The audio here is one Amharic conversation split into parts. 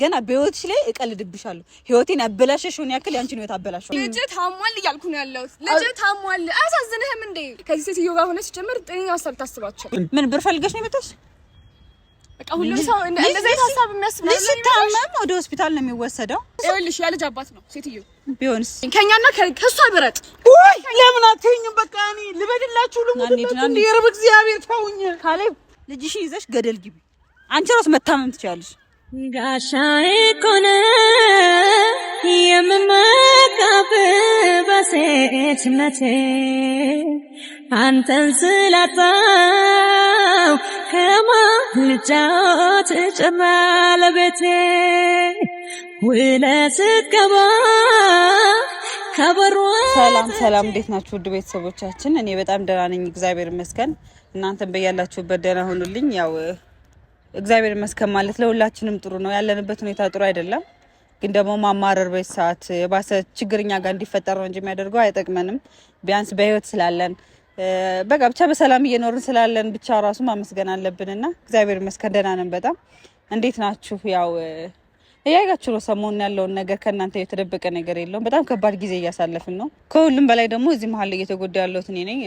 ገና በህይወትሽ ላይ እቀልድብሻለሁ። ህይወቴን ያበላሸሽውን ያክል ያንቺን ህይወት አበላሸው። ልጅ ታሟል እያልኩ ነው ያለሁት። ልጅ ታሟል። አያሳዝንህም እንዴ? ከዚህ ሴትዮ ጋር ሆነ ሲጀምር ጤነኛ ሀሳብ ታስባቸው። ምን ብር ፈልገሽ ነው የመጣሽ? በቃ ሁሉም ሰው እንደዚህ ሀሳብ የሚያስብ ነው። ልጅ ሲታመም ወደ ሆስፒታል ነው የሚወሰደው። ይኸውልሽ ያ ልጅ አባት ነው ሴትዮ ቢሆንስ ከኛና ከእሷ ብረጥ። ውይ ለምን አትይኝም? በቃ እኔ ልበድላችሁ ልሙት እንዴ? የረብ እግዚአብሔር ተውኝ። ካሌብ ልጅሽ ይዘሽ ገደል ግቢ። አንቺ ራስ መታመም ትችያለሽ። ጋሻዬ ኮነ የምመካፍ በሴትነቴ አንተን ስላጣው ከማን ልጫወት ጭማለ ቤቴ ውለህ ከበሩ። ሰላም ሰላም፣ እንዴት ናችሁ ውድ ቤተሰቦቻችን? እኔ በጣም ደህና ነኝ፣ እግዚአብሔር ይመስገን። እናንተን በያላችሁበት ደህና ሆኑልኝ። ያው እግዚአብሔር ይመስገን ማለት ለሁላችንም ጥሩ ነው። ያለንበት ሁኔታ ጥሩ አይደለም፣ ግን ደግሞ ማማረር በዚ ሰዓት የባሰ ችግርኛ ጋር እንዲፈጠር ነው እንጂ የሚያደርገው አይጠቅመንም። ቢያንስ በህይወት ስላለን በቃ ብቻ በሰላም እየኖርን ስላለን ብቻ ራሱ ማመስገን አለብንና እግዚአብሔር ይመስገን ደህና ነን በጣም። እንዴት ናችሁ? ያው እያያችሁ ነው ሰሞኑን ያለውን ነገር። ከእናንተ የተደበቀ ነገር የለውም። በጣም ከባድ ጊዜ እያሳለፍን ነው። ከሁሉም በላይ ደግሞ እዚህ መሀል እየተጎዳ ያለሁት እኔ ነኝ።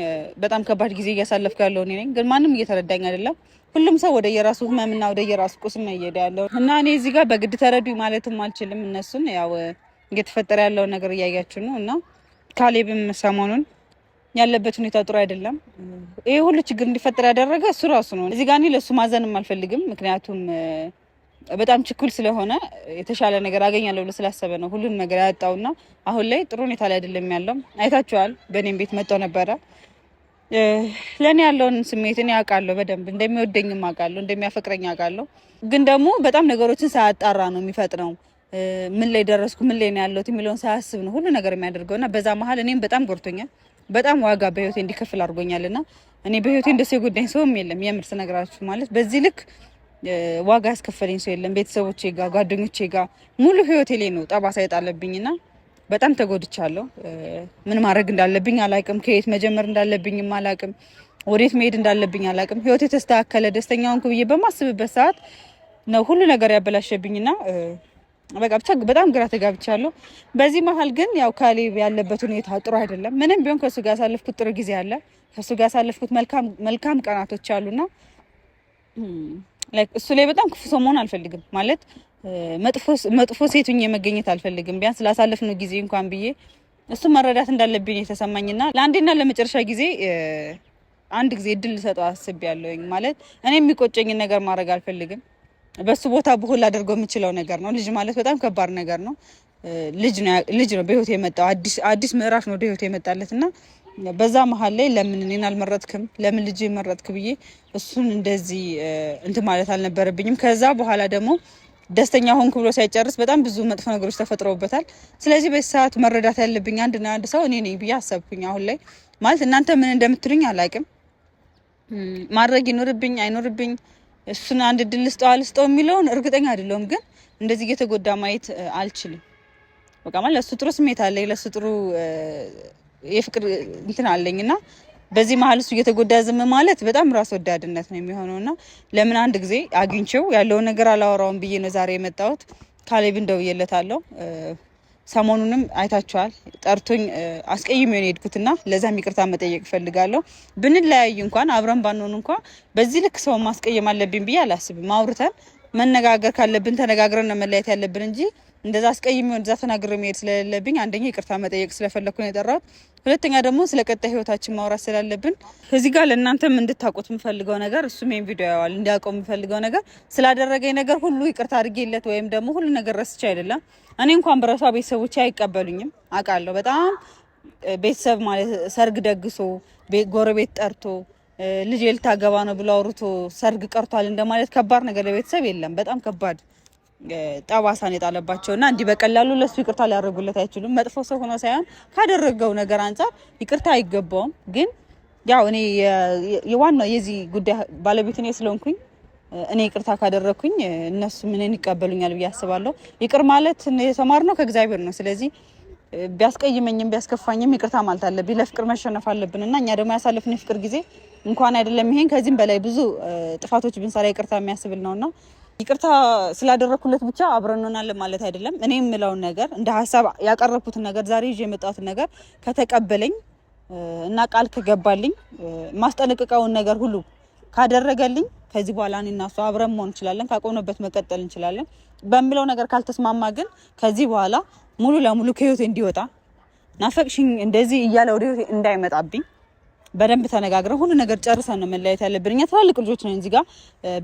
በጣም ከባድ ጊዜ እያሳለፍኩ ያለው እኔ ነኝ፣ ግን ማንም እየተረዳኝ አይደለም። ሁሉም ሰው ወደ የራሱ ህመምና ወደ የራሱ ቁስም እየሄደ ያለው እና እኔ እዚህ ጋር በግድ ተረዱ ማለትም አልችልም። እነሱን ያው እየተፈጠረ ያለውን ነገር እያያችሁ ነው እና ካሌብም ሰሞኑን ያለበት ሁኔታ ጥሩ አይደለም። ይሄ ሁሉ ችግር እንዲፈጠር ያደረገ እሱ ራሱ ነው። እዚህ ጋር እኔ ለእሱ ማዘንም አልፈልግም ምክንያቱም በጣም ችኩል ስለሆነ የተሻለ ነገር አገኛለሁ ብሎ ስላሰበ ነው ሁሉን ነገር ያጣውና አሁን ላይ ጥሩ ሁኔታ ላይ አይደለም ያለው። አይታችኋል። በእኔም ቤት መጥቶ ነበረ። ለእኔ ያለውን ስሜት እኔ አውቃለሁ በደንብ እንደሚወደኝም አውቃለሁ፣ እንደሚያፈቅረኝ አውቃለሁ። ግን ደግሞ በጣም ነገሮችን ሳያጣራ ነው የሚፈጥነው። ምን ላይ ደረስኩ፣ ምን ላይ ነው ያለሁት የሚለውን ሳያስብ ነው ሁሉ ነገር የሚያደርገው እና በዛ መሀል እኔም በጣም ጎርቶኛል። በጣም ዋጋ በህይወቴ እንዲከፍል አድርጎኛል እና እኔ በህይወቴ እንደሱ የጎዳኝ ሰውም የለም የምር ስነግራችሁ ማለት በዚህ ልክ ዋጋ ያስከፈለኝ ሰው የለም። ቤተሰቦቼ ጋር፣ ጓደኞቼ ጋር ሙሉ ህይወቴ ላይ ነው ጠባሳ የጣለብኝና በጣም ተጎድቻለሁ። ምን ማድረግ እንዳለብኝ አላቅም። ከየት መጀመር እንዳለብኝም አላቅም። ወዴት መሄድ እንዳለብኝ አላቅም። ህይወት የተስተካከለ ደስተኛ ሆንኩ ብዬ በማስብበት ሰዓት ነው ሁሉ ነገር ያበላሸብኝና በቃ ብቻ በጣም ግራ ተጋብቻለሁ። በዚህ መሀል ግን ያው ካሌብ ያለበት ሁኔታ ጥሩ አይደለም። ምንም ቢሆን ከእሱ ጋር ያሳለፍኩት ጥሩ ጊዜ አለ። ከእሱ ጋር ያሳለፍኩት መልካም ቀናቶች አሉና እሱ ላይ በጣም ክፉ ሰው መሆን አልፈልግም ማለት መጥፎ ሴቱኝ መገኘት አልፈልግም። ቢያንስ ላሳለፍነው ጊዜ እንኳን ብዬ እሱ መረዳት እንዳለብኝ የተሰማኝና ለአንዴና ለመጨረሻ ጊዜ አንድ ጊዜ እድል ልሰጠው አስቤያለሁኝ። ማለት እኔ የሚቆጨኝን ነገር ማድረግ አልፈልግም። በሱ ቦታ ብሆን ላደርገው የምችለው ነገር ነው። ልጅ ማለት በጣም ከባድ ነገር ነው። ልጅ ነው በህይወት የመጣው አዲስ ምዕራፍ ነው ወደ ህይወት የመጣለት እና በዛ መሀል ላይ ለምን እኔን አልመረጥክም? ለምን ልጅ መረጥክ ብዬ እሱን እንደዚህ እንትን ማለት አልነበረብኝም። ከዛ በኋላ ደግሞ ደስተኛ ሆንክ ብሎ ሳይጨርስ በጣም ብዙ መጥፎ ነገሮች ተፈጥረውበታል። ስለዚህ በዚህ ሰዓት መረዳት ያለብኝ ና አንድ ሰው እኔ ነኝ ብዬ አሰብኩኝ። አሁን ላይ ማለት እናንተ ምን እንደምትሉኝ አላቅም። ማድረግ ይኖርብኝ አይኖርብኝ እሱን አንድ ድል ልስጠው አልስጠው የሚለውን እርግጠኛ አይደለሁም፣ ግን እንደዚህ እየተጎዳ ማየት አልችልም። በቃ ማለት ለእሱ ጥሩ ስሜት አለኝ ለእሱ ጥሩ የፍቅር እንትን አለኝ እና በዚህ መሀል እሱ እየተጎዳ ዝም ማለት በጣም ራስ ወዳድነት ነው የሚሆነው እና ለምን አንድ ጊዜ አግኝቼው ያለውን ነገር አላወራውም ብዬ ነው ዛሬ የመጣሁት። ካሌብን ደውዬለታለሁ። ሰሞኑንም አይታችኋል ጠርቶኝ አስቀይሜ ነው የሄድኩትና ለዛም ይቅርታ መጠየቅ እፈልጋለሁ። ብንለያይ እንኳን አብረን ባንሆን እንኳ በዚህ ልክ ሰው ማስቀየም አለብኝ ብዬ አላስብም። አውርተን መነጋገር ካለብን ተነጋግረን ነው መለያየት ያለብን እንጂ እንደዛ አስቀይሜ እንደዛ ተናግሬ መሄድ ስለሌለብኝ አንደኛ ይቅርታ መጠየቅ ስለፈለግኩ ነው የጠራሁት። ሁለተኛ ደግሞ ስለ ቀጣይ ህይወታችን ማውራት ስላለብን እዚህ ጋር ለእናንተም እንድታውቁት የምፈልገው ነገር እሱም ይሄን ቪዲዮ ያዋል እንዲያውቀው የምፈልገው ነገር ስላደረገኝ ነገር ሁሉ ይቅርታ አድርጌለት ወይም ደግሞ ሁሉ ነገር ረስቼ አይደለም። እኔ እንኳን በረሷ ቤተሰቦች አይቀበሉኝም አውቃለሁ። በጣም ቤተሰብ ማለት ሰርግ ደግሶ ጎረቤት ጠርቶ ልጅ ልታገባ ነው ብሎ አውርቶ ሰርግ ቀርቷል እንደማለት ከባድ ነገር ለቤተሰብ የለም። በጣም ከባድ ጠባሳን የጣለባቸው እና እንዲህ በቀላሉ ለሱ ይቅርታ ሊያደርጉለት አይችሉም። መጥፎ ሰው ሆኖ ሳይሆን ካደረገው ነገር አንጻር ይቅርታ አይገባውም። ግን ያው እኔ የዋናው የዚህ ጉዳይ ባለቤት እኔ ስለሆንኩኝ እኔ ይቅርታ ካደረግኩኝ እነሱ ምንን ይቀበሉኛል ብዬ አስባለሁ። ይቅር ማለት የተማርነው ከእግዚአብሔር ነው። ስለዚህ ቢያስቀይመኝም ቢያስከፋኝም ይቅርታ ማለት አለብኝ። ለፍቅር መሸነፍ አለብን እና እኛ ደግሞ ያሳለፍን የፍቅር ጊዜ እንኳን አይደለም ይሄን ከዚህም በላይ ብዙ ጥፋቶች ብንሰራ ይቅርታ የሚያስብል ነውና ይቅርታ ስላደረግኩለት ብቻ አብረን እንሆናለን ማለት አይደለም። እኔ የምለውን ነገር እንደ ሀሳብ ያቀረብኩትን ነገር ዛሬ ይዤ የመጣሁትን ነገር ከተቀበለኝ እና ቃል ከገባልኝ ማስጠነቅቀውን ነገር ሁሉ ካደረገልኝ ከዚህ በኋላ እኔ እና አብረን መሆን እንችላለን፣ ካቆምንበት መቀጠል እንችላለን በሚለው ነገር ካልተስማማ ግን ከዚህ በኋላ ሙሉ ለሙሉ ከህይወቴ እንዲወጣ ናፈቅሽኝ እንደዚህ እያለ ወደ ህይወቴ እንዳይመጣብኝ በደንብ ተነጋግረን ሁሉ ነገር ጨርሰን ነው መለያየት ያለብን። እኛ ትላልቅ ልጆች ነን። እዚህ ጋር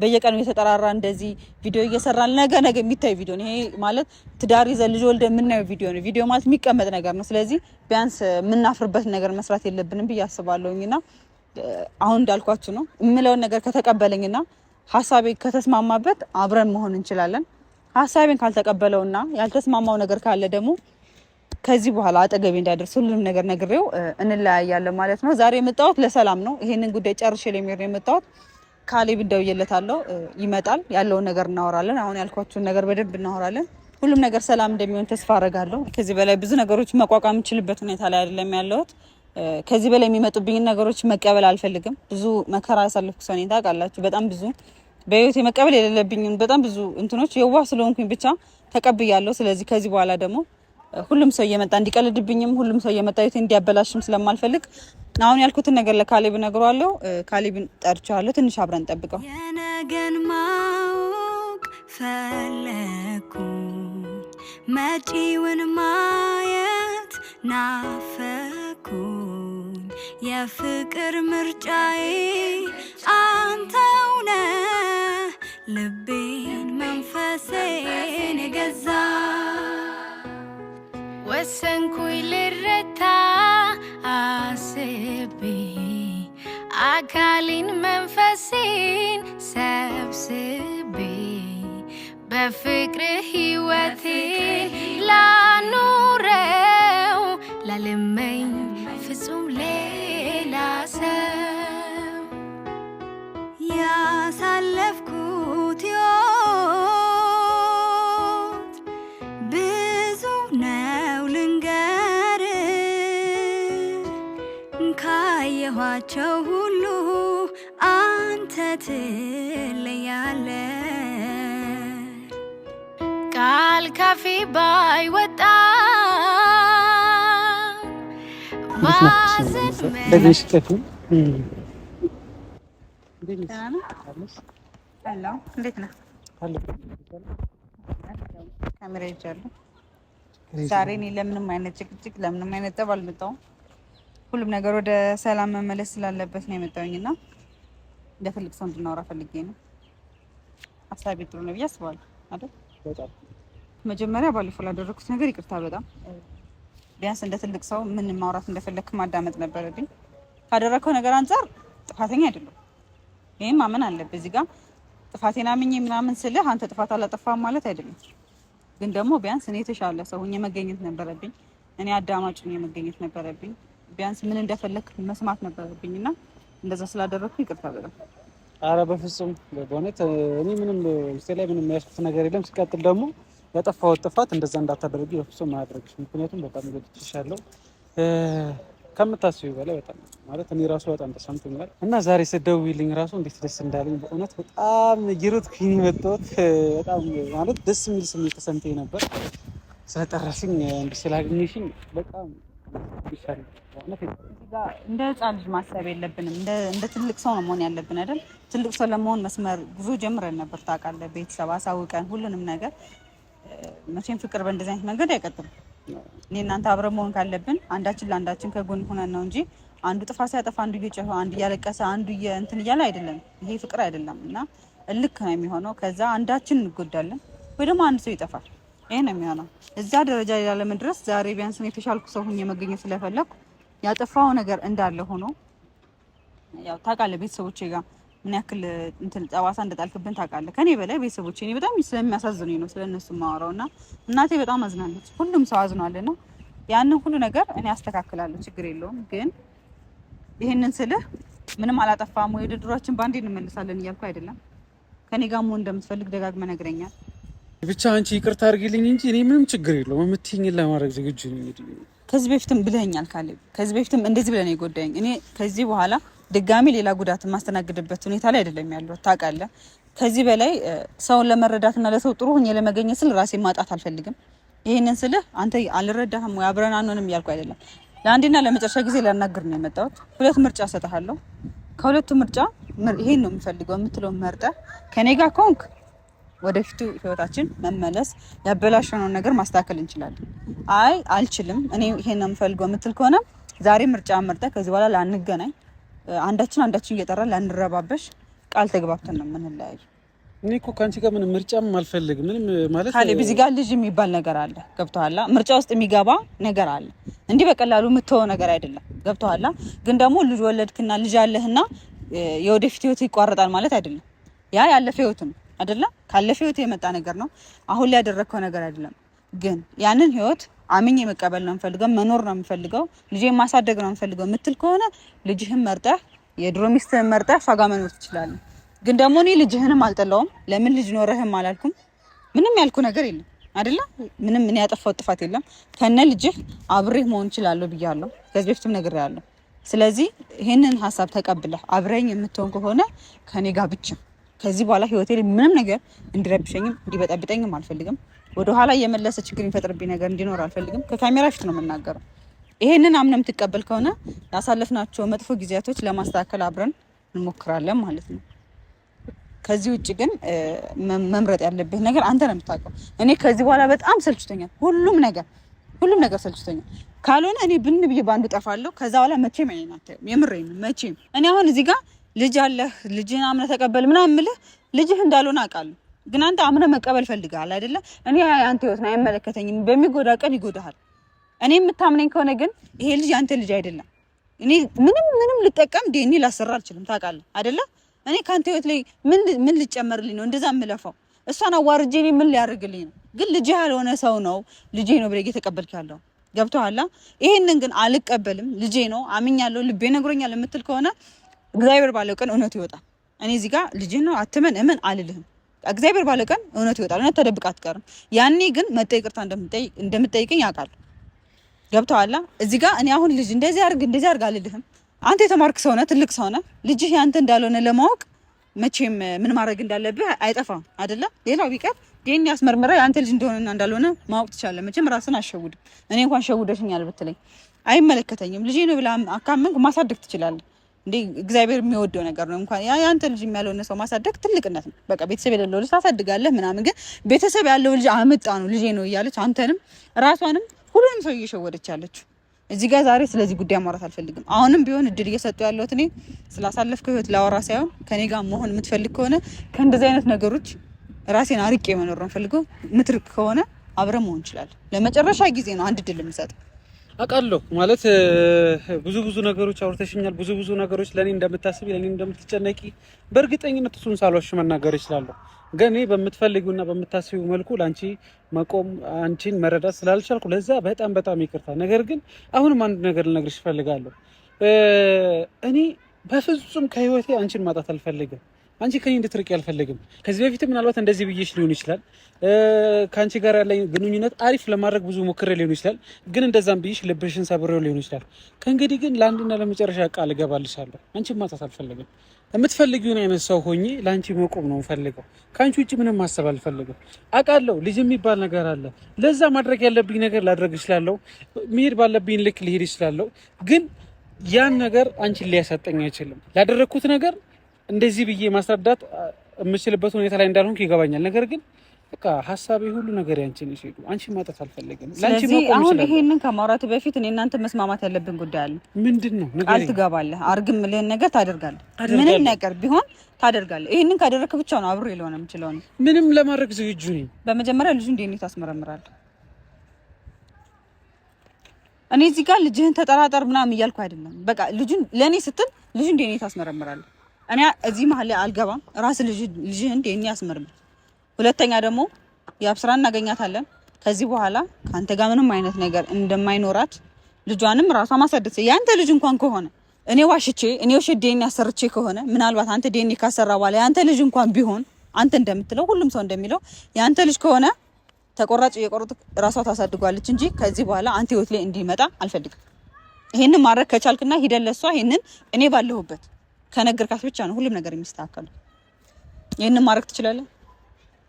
በየቀኑ የተጠራራ እንደዚህ ቪዲዮ እየሰራን ነገ ነገ የሚታይ ቪዲዮ ነው ይሄ። ማለት ትዳር ይዘን ልጅ ወልደ የምናየው ቪዲዮ ነው። ቪዲዮ ማለት የሚቀመጥ ነገር ነው። ስለዚህ ቢያንስ የምናፍርበት ነገር መስራት የለብንም ብዬ አስባለሁኝና አሁን እንዳልኳችሁ ነው የምለውን ነገር ከተቀበለኝና ሀሳቤ ከተስማማበት አብረን መሆን እንችላለን። ሀሳቤን ካልተቀበለውና ያልተስማማው ነገር ካለ ደግሞ ከዚህ በኋላ አጠገቤ እንዳይደርስ ሁሉንም ነገር ነግሬው እንለያያለን ማለት ነው። ዛሬ የመጣሁት ለሰላም ነው። ይሄንን ጉዳይ ጨርሼ ለሚሄድ የመጣሁት። ካሌብ እደውልለታለሁ፣ ይመጣል። ያለውን ነገር እናወራለን። አሁን ያልኳችሁን ነገር በደንብ እናወራለን። ሁሉም ነገር ሰላም እንደሚሆን ተስፋ አረጋለሁ። ከዚህ በላይ ብዙ ነገሮች መቋቋም የምችልበት ሁኔታ ላይ አይደለም ያለሁት። ከዚህ በላይ የሚመጡብኝን ነገሮች መቀበል አልፈልግም። ብዙ መከራ ያሳለፍኩ ሰው ነኝ ታውቃላችሁ። በጣም ብዙ በህይወት መቀበል የሌለብኝም በጣም ብዙ እንትኖች የዋህ ስለሆንኩኝ ብቻ ተቀብያለሁ። ስለዚህ ከዚህ በኋላ ደግሞ ሁሉም ሰው እየመጣ እንዲቀልድብኝም ሁሉም ሰው እየመጣ ቤት እንዲያበላሽም ስለማልፈልግ አሁን ያልኩትን ነገር ለካሌብ እነግረዋለሁ። ካሌብን ጠርቼዋለሁ። ትንሽ አብረን ጠብቀው። የነገን ማወቅ ፈለኩ መጪውን ማየት ናፈ የፍቅር ምርጫዬ አንተው ነህ ልቤን መንፈሴን የገዛ ወሰንኩኝ ልረታ አስቤ አካሌን መንፈሴን ሰብስቤ በፍቅር ሕይወቴ ላኑረው ላልመኝ ፍጹም ሌ ከሚያደርጋቸው ሁሉ አንተ ትለያለ። ቃል ካፊ ባይወጣ ዛሬ እኔ ለምንም አይነት ጭቅጭቅ ለምንም አይነት ጠብ አልመጣሁም። ሁሉም ነገር ወደ ሰላም መመለስ ስላለበት ነው የመጣሁኝ እና እንደ ትልቅ ሰው እንድናወራ ፈልጌ ነው። ሀሳቤ ጥሩ ነው ብዬ አስባለሁ አይደል? መጀመሪያ ባለፈው ላደረኩት ነገር ይቅርታ። በጣም ቢያንስ እንደ ትልቅ ሰው ምን ማውራት እንደፈለግክ ማዳመጥ ነበረብኝ። ካደረግከው ነገር አንጻር ጥፋተኛ አይደለም፣ ይህም ማመን አለብህ። እዚህ ጋ ጥፋቴን አምኜ ምናምን ስልህ አንተ ጥፋት አላጠፋ ማለት አይደለም። ግን ደግሞ ቢያንስ እኔ የተሻለ ሰው ሆኜ መገኘት ነበረብኝ። እኔ አዳማጭ ሆኜ መገኘት ነበረብኝ። ቢያንስ ምን እንደፈለክ መስማት ነበረብኝ እና እንደዛ ስላደረግኩ ይቅርታ በጣም አረ በፍጹም በእውነት እኔ ምንም ውስጤ ላይ ምንም የሚያስኩት ነገር የለም ሲቀጥል ደግሞ ያጠፋሁት ጥፋት እንደዛ እንዳታደርጊ በፍጹም አያደርግሽ ምክንያቱም በጣም ጎትቻለሁ ከምታስቢ በላይ በጣም ማለት እኔ ራሱ በጣም ተሰምቶኛል እና ዛሬ ስደውልኝ ራሱ እንዴት ደስ እንዳለኝ በእውነት በጣም እየሮጥኩኝ የመጣሁት በጣም ማለት ደስ የሚል ስሜት ተሰምቶኝ ነበር ስለጠራሽኝ ስላገኘሽኝ በጣም እንደ ህፃን ልጅ ማሰብ የለብንም። እንደ ትልቅ ሰው ነው መሆን ያለብን አይደል? ትልቅ ሰው ለመሆን መስመር ጉዞ ጀምረን ነበር ታውቃለህ። ቤተሰብ አሳውቀን ሁሉንም ነገር መቼም ፍቅር በእንደዚህ አይነት መንገድ አይቀጥም። እኔ እናንተ አብረን መሆን ካለብን አንዳችን ለአንዳችን ከጎን ሆነን ነው እንጂ አንዱ ጥፋት ሲያጠፋ አንዱ እየጨፈ አንዱ እያለቀሰ አንዱ እንትን እያለ አይደለም። ይሄ ፍቅር አይደለም እና እልክ ነው የሚሆነው። ከዛ አንዳችን እንጎዳለን ወይ ደግሞ አንድ ሰው ይጠፋል። ይሄ ነው የሚሆነው። እዛ ደረጃ ላይ ለመድረስ ዛሬ ቢያንስ ነው የተሻልኩ ሰው ሁኜ መገኘት ስለፈለኩ ያጠፋው ነገር እንዳለ ሆኖ ያው ታውቃለህ፣ ቤተሰቦቼ ጋር ምን ያክል እንትን ጠባሳ እንደጣልክብን ታውቃለህ። ከኔ በላይ ቤተሰቦቼ እኔ በጣም ስለሚያሳዝኑኝ ነው ስለነሱ የማወራው እና እናቴ በጣም አዝናለች፣ ሁሉም ሰው አዝኗልና ያንን ሁሉ ነገር እኔ አስተካክላለሁ፣ ችግር የለውም። ግን ይህንን ስልህ ምንም አላጠፋም ወይ ድድሯችን በአንዴ እንመልሳለን እያልኩ አይደለም። ከኔ ጋር መሆን እንደምትፈልግ ደጋግመ ነግረኛል። ብቻ አንቺ ይቅርታ አድርጊልኝ እንጂ እኔ ምንም ችግር የለውም። የምትይኝን ለማድረግ ዝግጁ ነኝ። ከዚህ በፊትም ብለኸኛል ካሌብ፣ ከዚህ በፊትም እንደዚህ ብለህ ነው የጎዳኝ። እኔ ከዚህ በኋላ ድጋሚ ሌላ ጉዳት የማስተናግድበት ሁኔታ ላይ አይደለም ያለው ታውቃለህ። ከዚህ በላይ ሰውን ለመረዳትና ለሰው ጥሩ ሁኜ ለመገኘት ስል ራሴ ማጣት አልፈልግም። ይህንን ስልህ አንተ አልረዳህም ወይ አብረን አንሆንም እያልኩ አይደለም። ለአንዴና ለመጨረሻ ጊዜ ላናግር ነው የመጣሁት። ሁለት ምርጫ እሰጥሃለሁ። ከሁለቱ ምርጫ ይሄን ነው የምፈልገው የምትለው መርጠህ ከኔ ጋር ከሆንክ ወደፊቱ ህይወታችን መመለስ ያበላሸነውን ነገር ማስተካከል እንችላለን። አይ አልችልም፣ እኔ ይሄን የምፈልገው የምትል ከሆነ ዛሬ ምርጫ መርጠ ከዚህ በኋላ ላንገናኝ፣ አንዳችን አንዳችን እየጠራ ላንረባበሽ፣ ቃል ተግባብተን ነው የምንለያዩ። እኔ እኮ ከአንቺ ጋር ምንም ምርጫም አልፈልግ ምንም ማለት እዚህ ጋር ልጅ የሚባል ነገር አለ። ገብቶሃል? ምርጫ ውስጥ የሚገባ ነገር አለ። እንዲህ በቀላሉ የምትሆነው ነገር አይደለም። ገብቶሃል? ግን ደግሞ ልጅ ወለድክና ልጅ አለህና የወደፊት ህይወት ይቋረጣል ማለት አይደለም። ያ ያለፈ ህይወት ነው። አይደለም ካለፈ ህይወት የመጣ ነገር ነው። አሁን ላይ ነገር አይደለም። ግን ያንን ህይወት አምኜ መቀበል ነው የምፈልገው፣ መኖር ነው የምፈልገው፣ ልጅ ማሳደግ ነው የምፈልገው የምትል ከሆነ ልጅህን መርጠህ የድሮ ሚስትህን መርጠህ ፋጋ መኖር ትችላለህ። ግን ደግሞ እኔ ልጅህንም አልጠላውም። ለምን ልጅ ኖረህም አላልኩም። ምንም ያልኩ ነገር የለም አይደለ? ምንም ምን ያጠፋው ጥፋት የለም። ከነ ልጅህ አብሬህ መሆን እችላለሁ ብያለሁ፣ ከዚህ በፊትም ነግሬሃለሁ። ስለዚህ ይህንን ሀሳብ ተቀብለህ አብረኝ የምትሆን ከሆነ ከኔ ጋር ብቻ ከዚህ በኋላ ህይወቴ ላይ ምንም ነገር እንዲረብሸኝም እንዲበጠብጠኝም አልፈልግም። ወደኋላ የመለሰ ችግር የሚፈጥርብኝ ነገር እንዲኖር አልፈልግም። ከካሜራ ፊት ነው የምናገረው። ይሄንን አምነ የምትቀበል ከሆነ ያሳለፍናቸው መጥፎ ጊዜያቶች ለማስተካከል አብረን እንሞክራለን ማለት ነው። ከዚህ ውጭ ግን መምረጥ ያለብህ ነገር አንተ ነው የምታውቀው። እኔ ከዚህ በኋላ በጣም ሰልችቶኛል፣ ሁሉም ነገር ሁሉም ነገር ሰልችቶኛል። ካልሆነ እኔ ብን ብዬ በአንዱ ጠፋለሁ። ከዛ በኋላ መቼም እኔን አታየውም። መቼም እኔ አሁን እዚህ ጋር ልጅ አለህ ልጅህን አምነህ ተቀበል ምናምን የምልህ ልጅህ እንዳልሆነ አውቃለሁ፣ ግን አንተ አምነህ መቀበል ፈልግሃል አይደለ? እኔ አንተ ህይወት ነው አይመለከተኝም። በሚጎዳ ቀን ይጎዳሃል። እኔ የምታምነኝ ከሆነ ግን ይሄ ልጅ አንተ ልጅ አይደለም። እኔ ምንም ምንም ልጠቀም ዴኒ ላሰራ አልችልም። ታውቃለህ አይደለ? እኔ ከአንተ ህይወት ላይ ምን ምን ልጨመርልኝ ነው እንደዛ የምለፋው? እሷን አዋርጄ እኔ ምን ሊያደርግልኝ ነው? ግን ልጅ ያልሆነ ሰው ነው ልጄ ነው ብለህ እየተቀበልክ ያለው ገብቶሃል? ይሄንን ግን አልቀበልም። ልጄ ነው አምኛለሁ፣ ልቤ ነግሮኛል የምትል ከሆነ እግዚአብሔር ባለው ቀን እውነቱ ይወጣል። እኔ እዚህ ጋር ልጅህ ነው አትመን እመን አልልህም። እግዚአብሔር ባለው ቀን እውነቱ ይወጣል። እውነት ተደብቃ አትቀርም። ያኔ ግን መጠ ይቅርታ እንደምጠይቅኝ ያውቃሉ። ገብተዋላ እዚህ ጋ እኔ አሁን ልጅ እንደዚህ አድርግ እንደዚህ አርግ አልልህም። አንተ የተማርክ ሰው ነህ፣ ትልቅ ሰው ነህ። ልጅህ ያንተ እንዳልሆነ ለማወቅ መቼም ምን ማድረግ እንዳለብህ አይጠፋም አይደለ? ሌላው ቢቀር ይህን ያስመርምረ የአንተ ልጅ እንደሆነና እንዳልሆነ ማወቅ ትችላለህ። መቼም ራስን አሸውድም። እኔ እንኳን ሸውደሽኛል ብትለኝ አይመለከተኝም። ልጅ ነው ብላ አካምንክ ማሳደግ ትችላለህ። እንዴ እግዚአብሔር የሚወደው ነገር ነው። እንኳን ያንተ ልጅ ያለውን ሰው ማሳደግ ትልቅነት ነው። በቃ ቤተሰብ የሌለው ልጅ ታሳድጋለህ ምናምን፣ ግን ቤተሰብ ያለው ልጅ አመጣ ነው ልጄ ነው እያለች አንተንም ራሷንም ሁሉንም ሰው እየሸወደች ያለችው እዚህ ጋር ዛሬ ስለዚህ ጉዳይ ማውራት አልፈልግም። አሁንም ቢሆን እድል እየሰጡ ያለሁት እኔ ስላሳለፍከው ህይወት ላወራ ሳይሆን ከኔ ጋር መሆን የምትፈልግ ከሆነ ከእንደዚህ አይነት ነገሮች ራሴን አርቄ መኖር ነው ፈልገው። ምትርክ ከሆነ አብረ መሆን ይችላል። ለመጨረሻ ጊዜ ነው አንድ እድል የምሰጠው። አውቃለሁ ማለት ብዙ ብዙ ነገሮች አውርተሽኛል። ብዙ ብዙ ነገሮች ለእኔ እንደምታስቢ ለእኔ እንደምትጨነቂ በእርግጠኝነት እሱን ሳልዋሽ መናገር እችላለሁ። ግን እኔ በምትፈልጊውና በምታስቢው መልኩ ለአንቺ መቆም አንቺን መረዳት ስላልቻልኩ ለዛ በጣም በጣም ይቅርታ። ነገር ግን አሁንም አንድ ነገር ልነግርሽ እፈልጋለሁ። እኔ በፍጹም ከህይወቴ አንቺን ማጣት አልፈልግም። አንቺ ከኔ እንድትርቂ አልፈለግም። ከዚህ በፊት ምናልባት እንደዚህ ብዬሽ ሊሆን ይችላል። ከአንቺ ጋር ያለኝ ግንኙነት አሪፍ ለማድረግ ብዙ ሞክሬ ሊሆን ይችላል፣ ግን እንደዛም ብዬሽ ልብሽን ሰብሬው ሊሆን ይችላል። ከእንግዲህ ግን ለአንድና ለመጨረሻ ቃል እገባልሻለሁ፣ አንቺ ማጣት አልፈልግም። የምትፈልጊውን አይነት ሰው ሆኜ ለአንቺ መቆም ነው ፈልገው። ከአንቺ ውጭ ምንም ማሰብ አልፈልግም። አውቃለሁ ልጅ የሚባል ነገር አለ። ለዛ ማድረግ ያለብኝ ነገር ላድረግ እችላለሁ። መሄድ ባለብኝ ልክ ልሄድ እችላለሁ። ግን ያን ነገር አንቺን ሊያሳጠኝ አይችልም። ላደረግኩት ነገር እንደዚህ ብዬ ማስረዳት የምችልበት ሁኔታ ላይ እንዳልሆንኩ ይገባኛል። ነገር ግን በቃ ሀሳቤ ሁሉ ነገር ያንቺ ነሽ። ሄዱ አንቺን ማጣት አልፈለግም። ስለዚህ አሁን ይሄንን ከማውራት በፊት እኔ እናንተ መስማማት ያለብን ጉዳይ አለ። ምንድን ነው? ቃል ትገባለህ፣ አርግም ልህን ነገር ታደርጋለህ። ምንም ነገር ቢሆን ታደርጋለህ። ይሄንን ካደረክ ብቻ ነው አብሮ የለሆነ የምችለው ምንም ለማድረግ ዝግጁ ነኝ። በመጀመሪያ ልጁ እንዴት ነው ታስመረምራለህ? እኔ እዚህ ጋር ልጅህን ተጠራጠር ምናምን እያልኩ አይደለም። በቃ ልጁን ለእኔ ስትል ልጁ እንዴት ነው ታስመረምራለህ? እኔ እዚህ መሀል ላይ አልገባም። ራስ ልጅህን ዴኒ ያስመርምር። ሁለተኛ ደግሞ የአብስራ እናገኛታለን። ከዚህ በኋላ ከአንተ ጋር ምንም አይነት ነገር እንደማይኖራት ልጇንም ራሷ ማሳደግ የአንተ ልጅ እንኳን ከሆነ እኔ ዋሽቼ እኔ ውሸት ዴኒ አሰርቼ ከሆነ ምናልባት አንተ ዴኒ ካሰራ በኋላ ያንተ ልጅ እንኳን ቢሆን አንተ እንደምትለው ሁሉም ሰው እንደሚለው ያንተ ልጅ ከሆነ ተቆራጭ እየቆረጥ ራሷ ታሳድጓለች እንጂ ከዚህ በኋላ አንተ ህይወት ላይ እንዲመጣ አልፈልግም። ይሄንን ማድረግ ከቻልክና ሂደህ ለሷ እኔ ባለሁበት ከነገርካት ብቻ ነው ሁሉም ነገር የሚስተካከሉ። ይህንን ማድረግ ትችላለህ?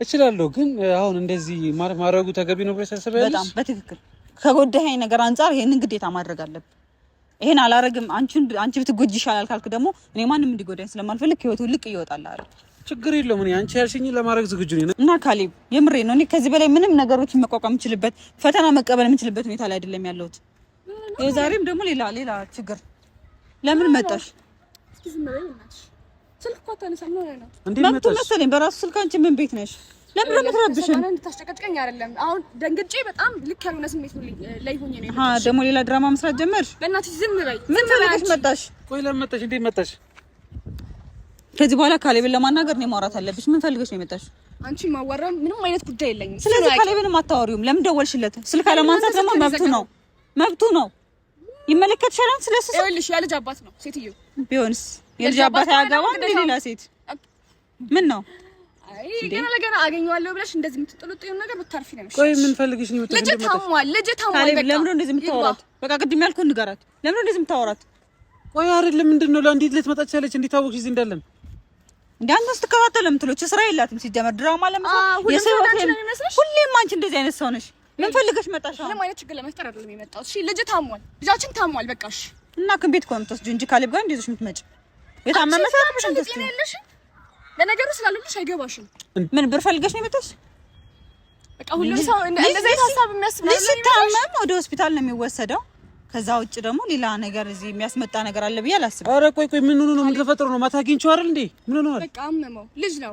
እችላለሁ፣ ግን አሁን እንደዚህ ማድረጉ ተገቢ ነው ብለሽ ታስቢያለሽ? በጣም በትክክል ከጎዳኸኝ ነገር አንጻር ይህንን ግዴታ ማድረግ አለብን። ይሄን አላረግም አንቺ ብትጎጂ ይሻላል ካልክ ደግሞ እኔ ማንም እንዲጎዳኝ ስለማልፈልግ ህይወቱ ልቅ ይወጣል አይደል? ችግር የለውም። እኔ አንቺ ያልሽኝ ለማድረግ ዝግጁ ነኝ። እና ካሌብ የምሬ ነው። እኔ ከዚህ በላይ ምንም ነገሮችን መቋቋም የምችልበት ፈተና መቀበል የምችልበት ሁኔታ ላይ አይደለም ያለሁት። ዛሬም ደግሞ ሌላ ሌላ ችግር ለምን መጣሽ? ስልክ ዝም በለኝ እናትሽ። ስልክ እኮ አታነሳም ነው ያለው። መብቱ መሰለኝ በራሱ ስልክ። አንቺ ምን ቤት ነሽ? ለምን የምትረብሽኝ? እንድታስጨቀጭቀኝ አይደለም። አሁን ደንግጬ በጣም ልክ ያልሆነ ስሜት ላይ ሆኜ ነው። ደግሞ ሌላ ድራማ መስራት ጀመርሽ። በእናትሽ ዝም በይ። ምን ፈልገሽ መጣሽ? ቆይ ለምን መጣሽ? እንዴት መጣሽ? ከዚህ በኋላ ካሌብን ለማናገር ነው ማውራት አለብሽ። ምን ፈልገሽ ነው የመጣሽ? አንቺ ማዋራ ምንም አይነት ጉዳይ የለኝም። ስለዚህ ካሌብንም አታወሪውም። ለምን ደወልሽለት? ስልክ አለማንሳት ደግሞ መብቱ ነው፣ መብቱ ነው። ይመለከትሻል። ስለሱ ይኸውልሽ፣ የልጅ አባት ነው ሴትዮ። ቢሆንስ የልጅ አባት አያገባ እንደ ሌላ ሴት ምን ነው? አይ ገና ለገና አገኘዋለሁ ብለሽ እንደዚህ የምትጥሉት ነገር ብታርፊ ነው። ቆይ ምን ፈልግሽ ነው? ልጅ ታሟል፣ ልጅ ታሟል። በቃ ለምን እንደዚህ የምታወራት? በቃ ቅድም ያልኩት ንገራት። ለምን እንደዚህ የምታወራት? ቆይ አይደለም ምንድን ነው? ለእንዴት ልትመጣ ቻለች? እንዴት አወቅሽ እዚህ እንዳለን? እንደ አንተ ስትከታተል ለምትሎች ስራ የላትም ሲጀመር ድራማ ለምሳሌ የሰው ሁሌም አንቺ እንደዚህ አይነት ሰው ነሽ። ምን ፈልገሽ መጣሽ? ምንም አይነት ችግር ለመፍጠር አይደለም የመጣሁት። እሺ ልጅ ታሟል፣ ልጃችን ታሟል። በቃ እሺ። እና ግን ቤት እኮ ነው የምትወስጂው እንጂ ካሌብ ጋር እንዴት የምትመጪ? የታመመ ሰው ነው የምትወስጂው። ለነገሩ ስላልሆንሽ አይገባሽም። ምን ብር ፈልገሽ ነው የመጣሽ? በቃ ሁሉም ሰው እንደዚህ ሀሳብ የሚያስብ ነው። ልጅ ታመም ወደ ሆስፒታል ነው የሚወሰደው። ከዛ ውጭ ደግሞ ሌላ ነገር እዚህ የሚያስመጣ ነገር አለ ብዬ አላስብም። አረ ቆይ ቆይ፣ ምን ሆኖ ነው? ምን ተፈጥሮ ነው? ማታ አግኝቼው አይደል እንዴ? ምን ሆኖ ነው? በቃ አመመው፣ ልጅ ነው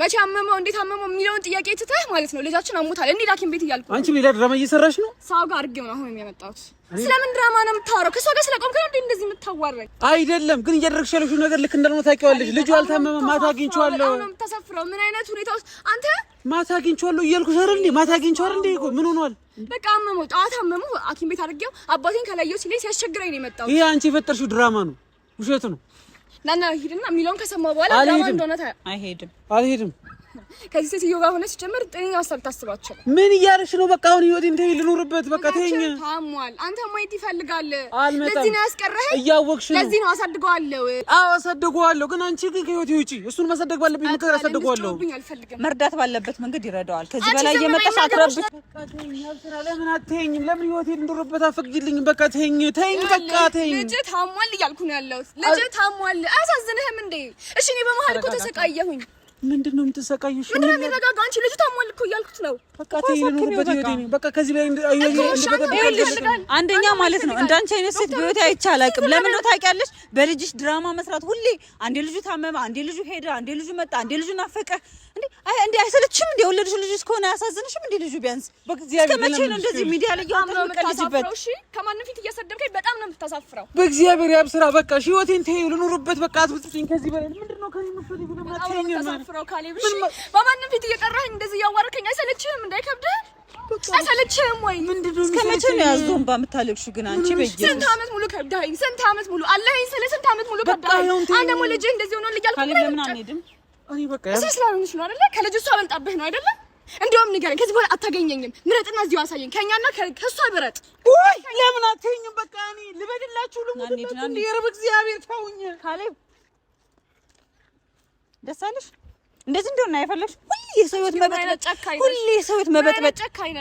መቼ አመመው እንዴት አመመው የሚለውን ጥያቄ ትተህ ማለት ነው ልጃችን አሞታል፣ እንሂድ ሐኪም ቤት እያልኩ አንቺ ሌላ ድራማ እየሰራሽ ነው። ሰው ጋር አድርጌው ነው አሁን የመጣሁት። ስለምን ድራማ ነው የምታወራው? ከሷ ጋር ስለቆምክ ነው እንደዚህ የምታዋራኝ? አይደለም ግን እያደረግሽ ያለሽው ነገር ልክ እንዳልሆነ ታውቂዋለሽ። ልጁ አልታመመም፣ ማታ አግኝቼዋለሁ። አሁን የምታሰፍረው ምን አይነት ሁኔታ ውስጥ አንተ ማታ አግኝቼዋለሁ እያልኩሽ አይደል? ማታ አግኝቼዋለሁ እንዴ? ምን ሆኗል? በቃ አመመው፣ ጠዋት አመመው፣ ሐኪም ቤት አድርጌው አባቴን ከላየው ሲለኝ ሲያስቸግረኝ ነው የመጣሁት። ይሄ አንቺ የፈጠርሽው ድራማ ነው፣ ውሸት ነው። ናና ሂድና የሚለውን ከሰማ በኋላ እንደሆነ አልሄድም፣ አልሄድም ከዚህ ሴትዮ ጋር ሆነ ሲጀምር ጤነኛ ሀሳብ ታስባቸው። ምን እያደረግሽ ነው? በቃ አሁን ህይወት እንደ ልኖርበት በቃ ተይኝ። ታሟል። አንተ ማየት ይፈልጋል። ለዚህ ነው ያስቀረህ። እያወቅሽ ነው። ለዚህ ነው አሳድገዋለሁ። አዎ አሳድገዋለሁ፣ ግን አንቺ ግን ከህይወቴ ውጪ። እሱን መሰደግ ባለብኝ ምክር አሳድገዋለሁ። መርዳት ባለበት መንገድ ይረዳዋል። ከዚህ በላይ እየመጣሽ አትረብሽ። ለምን አትይኝም? ለምን ህይወቴ ልኖርበት አፈቅጂልኝም። በቃ ተይኝ፣ ተይኝ፣ በቃ ተይኝ። ልጅ ታሟል እያልኩ ነው ያለሁት። ልጅ ታሟል። አያሳዝንህም እንዴ? እሺ እኔ በመሀል እኮ ተሰቃየሁኝ። ምንድን ነው የምትሰቃየው? ምንድን ነው የሚረጋጋው? አንቺ ልጁ ታሟል እኮ እያልኩት ነው። በቃ ትይኑርበት ህይወቴ ነው። በቃ ከዚህ ላይ አንደኛ ማለት ነው እንዳንቺ አይነት ሴት ህይወቴ አይቼ አላውቅም። ለምን ነው ታውቂያለሽ? በልጅሽ ድራማ መስራት ሁሌ አንዴ ልጁ ታመመ፣ አንዴ ልጁ ሄደ፣ አንዴ ልጁ መጣ፣ አንዴ ልጁ ናፈቀ። እንዴ እንዴ አይሰለችም? እንዴ ወለድሽ ልጅ እስከሆነ አያሳዝንሽም? እንዴ ልጁ ቢያንስ እስከ መቼ ነው እንደዚህ ሚዲያ ላይ ያወጣው የምትቀልጂበት? እሺ ከማንም ፊት እየሰደብከኝ በጣም ነው የምታሳፍረው። በእግዚአብሔር ያብስራ። በቃ ህይወቴን ተይው፣ ልኑርበት። በቃ አትብጥኝ ከዚህ በላይ ምንድን ነው ከዚህ ምፈልጉ ለማጥፋት ነው ካሌብ። እሺ በማንም ፊት እየጠራኸኝ እንደዚህ እያዋረከኝ አይሰለችህም? እንዳይከብድህ አይሰለችህም ወይ? እስከ መቼ ነው ያዝዶን ባምታለቅሽ? ግን አንቺ በየት ስንት አመት ሙሉ ከብዳኸኝ፣ ስንት አመት ሙሉ አለኸኝ ስለ ስንት አመት ሙሉ ከብዳኸኝ። አንድ ደግሞ ልጅህ እንደዚህ ሆኖ ልጅ አልኩኝ። ለምን አንሄድም? በቃ እሱ ስላልሆነች ነው አይደለ? ከልጅ እሱ አበልጣብህ ነው አይደለ? እንዲያውም ንገረኝ፣ ከዚህ በኋላ አታገኘኝም። ምረጥና እዚሁ አሳየኝ። ከእኛና ከእሷ ምረጥ። ወይ ለምን አትይኝም? በቃ እኔ ልበድላችሁ፣ ልሙት፣ የረብ እግዚአብሔር ተውኝ። ካሌብ ደስ አለሽ? እንደዚህ እንደሆነ አይፈልግሽ። ሁሌ የሰው ህይወት መበጥበጥ፣ ሁሌ የሰው ህይወት መበጥበጥ።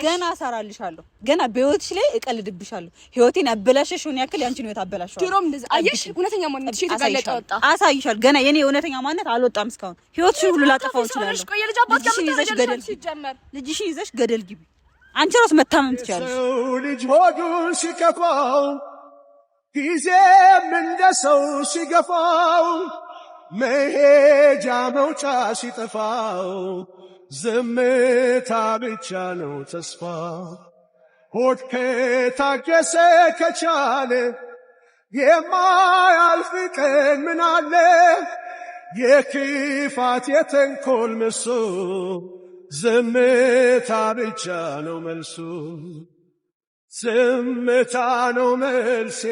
ገና እሰራልሻለሁ፣ ገና በህይወትሽ ላይ እቀልድብሻለሁ። ህይወቴን ያበላሸሽውን ያክል ያንቺን ህይወት አበላሸዋል። ድሮም እንደዚህ አየሽ፣ እውነተኛ ማንነት እሺ፣ የተጋለጠ ወጣ አሳይሻል። ገና የኔ እውነተኛ ማንነት አልወጣም እስካሁን። ህይወትሽን ሁሉ ላጠፋው እችላለሁ። ልጅሽን ይዘሽ ገደል ግቢ። አንቺ ራስ መታመም ትችላለሽ። ልጅ ሆዱን ሲከፋው ጊዜም እንደ ሰው ሲገፋው መሄጃ መውጫ ሲጠፋው ዝምታ ብቻ ነው ተስፋ። ሆድ ከታገሰ ከቻለ የማያልፍ ቀን ምናለ የክፋት የተንኮል ምሶ ዝምታ ብቻ ነው መልሱ። ዝምታ ነው መልሴ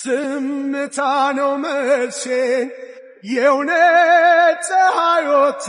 ስምታ ነው መልሴ የእውነት ፀሐዮታ